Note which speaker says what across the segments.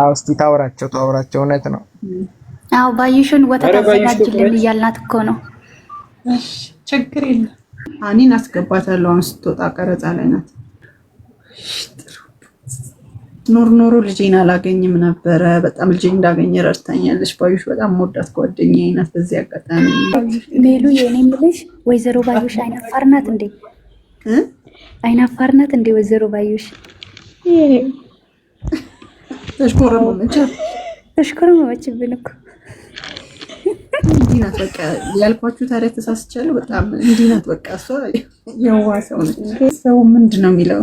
Speaker 1: አዎ እስቲ ታውራቸው ታውራቸው። እውነት ነው።
Speaker 2: አዎ ባዩሽን ወተት አዘጋጅልን እያልናት እኮ ነው።
Speaker 3: እሺ ችግር የለም።
Speaker 4: አኒን አስገባታለሁ። አሁን ስትወጣ ቀረጻ ላይ ናት። ኖር ኖሮ ልጄን አላገኝም ነበረ። በጣም ልጄን እንዳገኘ ረድታኛለች። ባዩሽ በጣም መወዳት ጓደኛዬ ናት። በዚህ አጋጣሚ
Speaker 2: ሜሉ የኔ ምልሽ ወይዘሮ ባዩሽ አይናፋር ናት እንዴ? አይናፋር ናት እንዴ? ወይዘሮ ባዩሽ ተሽኮረመመችብን እኮ
Speaker 4: እንዲህ ናት በቃ ያልኳችሁ። ታዲያ ተሳስቻለሁ። በጣም እንዲህ ናት በቃ። እሷ የዋ ሰው ነች። ሰው ምንድን ነው የሚለው?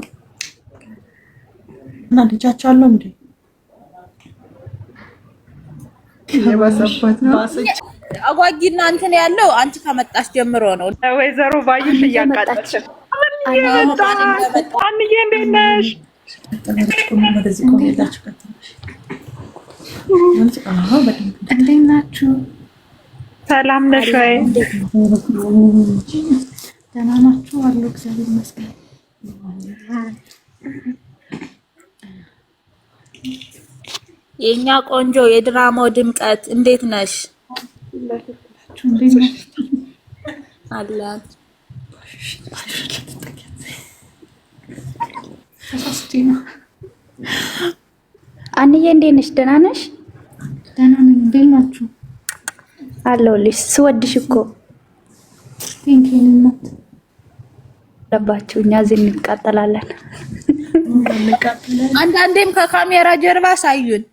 Speaker 4: እና ልጃቸው አለው እንዴ? የባሰባት ነው
Speaker 5: ያለው አንቺ ከመጣች ጀምሮ ነው።
Speaker 6: ወይዘሮ ባዩሽ እያቃጣች አንዬ፣ እንዴት ነሽ?
Speaker 4: እንዴት ናችሁ?
Speaker 6: ሰላም ነሽ ወይ?
Speaker 4: ደህና ናችሁ አሉ። እግዚአብሔር ይመስገን።
Speaker 5: የእኛ ቆንጆ የድራማው ድምቀት እንዴት ነሽ? አንዬ፣ እንዴት ነሽ?
Speaker 2: ደህና ነሽ? እንዴት ናችሁ? አለሁልሽ። ስወድሽ እኮ ለባችሁ። እኛ እዚህ እንቃጠላለን።
Speaker 5: አንዳንዴም ከካሜራ ጀርባ ሳዩን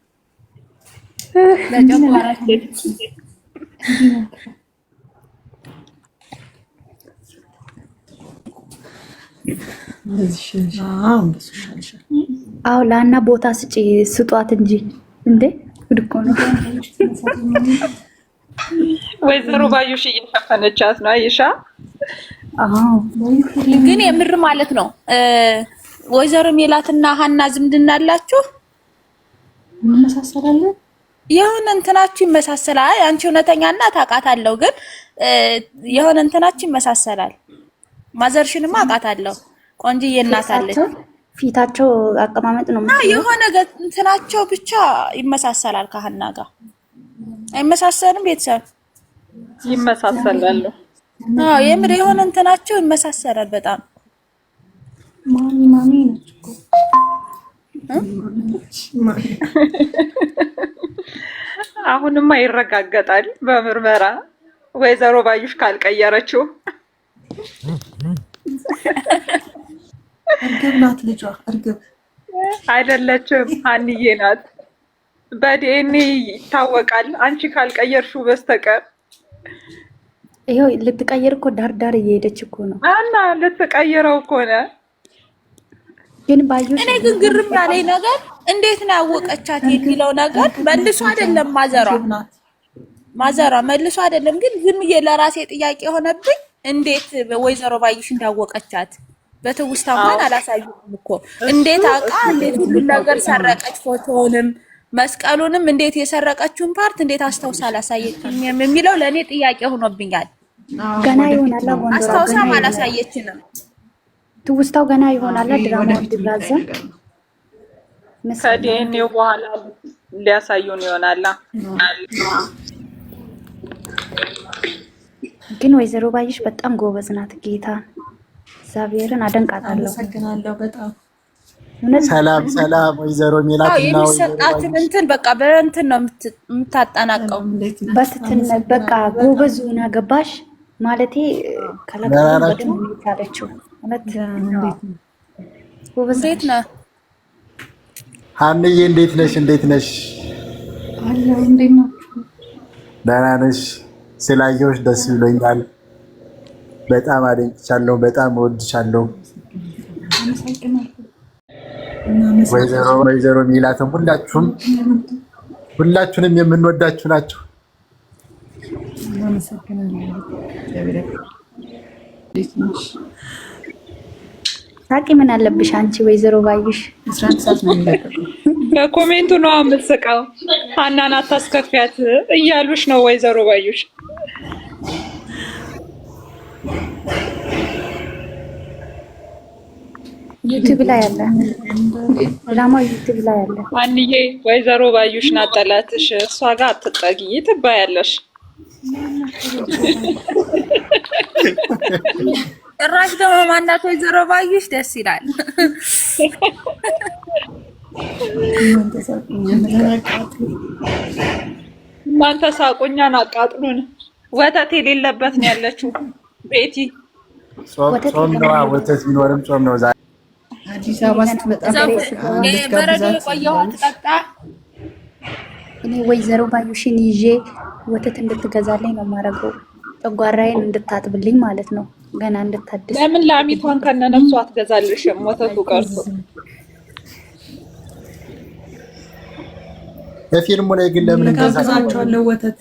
Speaker 2: አዎ፣ ለአና ቦታ ስጪ ስጧት እንጂ እንዴ ጉድ እኮ ነው።
Speaker 6: ወይዘሮ ባዩሽ እየሸፈነቻት ነው። አይሻ
Speaker 5: ግን የምር ማለት ነው። ወይዘሮ ሜላትና ሀና ዝምድና አላችሁ?
Speaker 4: እንመሳሰላለን።
Speaker 5: የሆነ እንትናችሁ ይመሳሰላል። አንቺ እውነተኛ እና ታውቃታለሁ፣ ግን የሆነ እንትናችሁ ይመሳሰላል። ማዘርሽንማ አውቃታለሁ። ቆንጆዬ እናት አለች።
Speaker 2: ፊታቸው አቀማመጥ ነው
Speaker 5: የሆነ እንትናቸው ብቻ ይመሳሰላል። ካህና ጋር አይመሳሰልም? ቤተሰብ
Speaker 6: ይመሳሰላሉ።
Speaker 5: የምር የሆነ እንትናቸው ይመሳሰላል በጣም
Speaker 4: ማሚ ማሚ
Speaker 6: አሁንማ ይረጋገጣል በምርመራ ወይዘሮ ባዩሽ ካልቀየረችው
Speaker 4: እርግብ ናት ልጇ። እርግብ
Speaker 6: አይደለችም፣ ሀንዬ ናት። በዲኤንኤ ይታወቃል፣ አንቺ ካልቀየርሽው በስተቀር
Speaker 2: ይኸው ልትቀይር እኮ ዳር ዳር እየሄደች እኮ ነው
Speaker 6: እና ልትቀይረው እኮ ነው።
Speaker 5: ግን ባዩ እኔ ግን ግርም ያለኝ ነገር እንዴት ነው ያወቀቻት የሚለው ነገር መልሶ አይደለም ማዘሯ ማዘሯ መልሶ አይደለም። ግን ዝም ብዬ ለራሴ ጥያቄ የሆነብኝ እንዴት ወይዘሮ ባዩሽ እንዳወቀቻት በትውስታ እንኳን አላሳዩም እኮ እንዴት አውቃ እንዴት ሁሉን ነገር ሰረቀች። ፎቶውንም መስቀሉንም እንዴት የሰረቀችውን ፓርት እንዴት አስታውሳ አላሳየችም የሚለው ለእኔ ጥያቄ ሆኖብኛል።
Speaker 2: ገና ይሆናል፣
Speaker 5: አስታውሳም አላሳየችንም።
Speaker 2: ትውስታው ገና ይሆናል። ድራማ ድራዘ
Speaker 6: ከዲኤንኤው በኋላ ሊያሳዩን ይሆናል።
Speaker 2: ግን ወይዘሮ ባይሽ በጣም ጎበዝ ናት ጌታ እግዚአብሔርን አደንቃታለሁ። አመሰግናለሁ
Speaker 7: በጣም ሰላም ሰላም። ወይዘሮ ሜላት
Speaker 5: የሚሰጣትን እንትን በቃ በእንትን ነው የምታጠናቀው።
Speaker 2: በትትን በቃ ጎበዝ ሆና ገባሽ ማለቴ ከለቀበደም ታለችው
Speaker 5: ጎበዝ ነ
Speaker 7: ሀንዬ፣ እንዴት ነሽ? እንዴት ነሽ? ደህና ነሽ? ስላየሁሽ ደስ ብሎኛል። በጣም አደንቅሻለሁ። በጣም እወድሻለሁ። ወይዘሮ ሚላትም ሁላችሁም ሁላችሁንም የምንወዳችሁ ናቸው።
Speaker 2: ሳቂ ምን አለብሽ አንቺ ወይዘሮ ባዩሽ
Speaker 6: በኮሜንቱ ነው የምትስቀው። አናን አታስከፊያት እያሉሽ ነው ወይዘሮ ባዩሽ
Speaker 2: ዩቲብ ላይ አለ ድራማ፣ ዩቲብ ላይ አለ።
Speaker 6: አንዬ ወይዘሮ ባዩሽ ናት ጠላትሽ፣ እሷ ጋር አትጠጊ ትባያለሽ።
Speaker 5: ጭራሽ ደግሞ ማናት ወይዘሮ ባዩሽ ደስ ይላል።
Speaker 6: እናንተ ሳቁኛን አቃጥሉን። ወተት የሌለበት ነው ያለችው ቤቲ
Speaker 7: ጾም ነው፣ ወተት ቢኖርም ጾም ነው። አዲስ
Speaker 5: አበባ ስትመጣ
Speaker 2: እኔ ወይዘሮ ባዩሽን ይዤ ወተት እንድትገዛልኝ ነው የማደርገው። ጨጓራዬን እንድታጥብልኝ ማለት ነው። ገና እንድታድስ።
Speaker 6: ለምን ላሚቷን ከነነፍሱ አትገዛልሽም? ወተቱ ቀርቶ
Speaker 7: የፊልሙ ላይ ግን ለምን
Speaker 4: እንገዛቸዋለን ወተት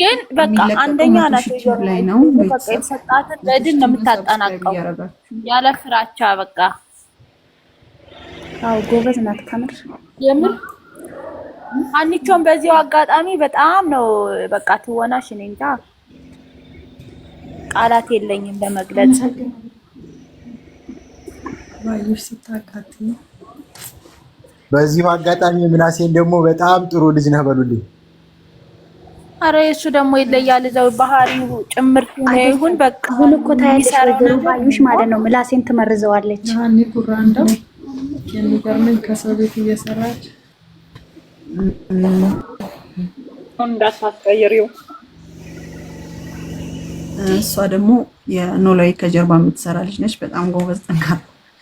Speaker 5: ግን በቃ አንደኛ ናቸው ላይ ነው የተሰጣትን በድን ነው የምታጠናቀው፣ ያለ ፍራቻ በቃ
Speaker 2: አዎ፣ ጎበዝ ናት ከምር የምር
Speaker 5: አንቺውን በዚያው አጋጣሚ በጣም ነው በቃ ትወናሽ። እኔ እንጃ ቃላት የለኝም ለመግለጽ።
Speaker 7: በዚሁ አጋጣሚ ምናሴን ደግሞ በጣም ጥሩ ልጅ ነህ በሉልኝ።
Speaker 5: አረ እሱ ደግሞ ይለያል። እዛው ባህሪው ጭምር ይሁን በቃ
Speaker 2: ሁሉ እኮ ታያለሽ፣ ማለት ነው ምላሴን ትመርዘዋለች።
Speaker 4: ያኔ ጉራ እንደው የሚገርመኝ ከሰው ቤት እየሰራች
Speaker 6: እንዳታስቀይሪው።
Speaker 4: እሷ ደግሞ የኖላዊ ከጀርባ የምትሰራ ልጅ ነች። በጣም ጎበዝ ጠንካራ፣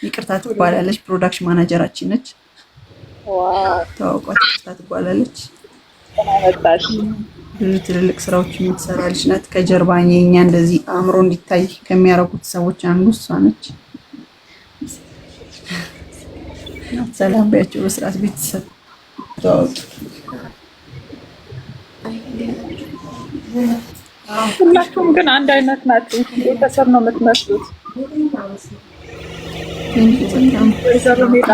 Speaker 4: ይቅርታ ትባላለች። ፕሮዳክሽን ማናጀራችን ነች። ተዋውቋት ይቅርታ ትባላለች። ብዙ ትልልቅ ስራዎች የምትሰራ ልጅ ናት። ከጀርባ የኛ እንደዚህ አእምሮ እንዲታይ ከሚያረጉት ሰዎች አንዱ እሷ ነች። ሰላም ቢያቸው በስርዓት ቤተሰብ
Speaker 6: ሁላችሁም ግን አንድ አይነት ናቸው። ቤተሰብ ነው የምትመስሉት።
Speaker 5: ወይዘሮ ሜላ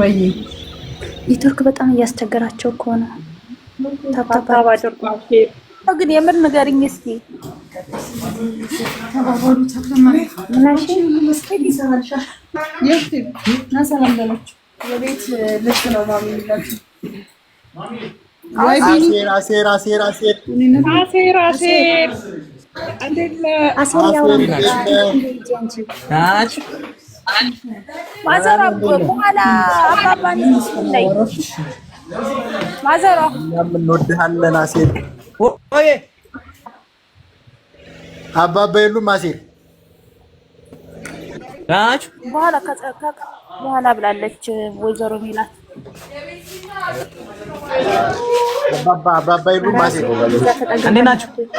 Speaker 4: ወይ
Speaker 2: ኔትወርክ በጣም እያስቸገራቸው እኮ ነው። ታብታባ
Speaker 5: ግን የምር ንገሪኝ እስኪ ማዘር በኋላ አባባን ላይ ማዘሯ እንወድሃለን። አሴር
Speaker 7: አባባ የሉም። አሴር
Speaker 5: በኋላ በኋላ ብላለች ወይዘሮ ሚላት
Speaker 4: እንዴት ናችሁ?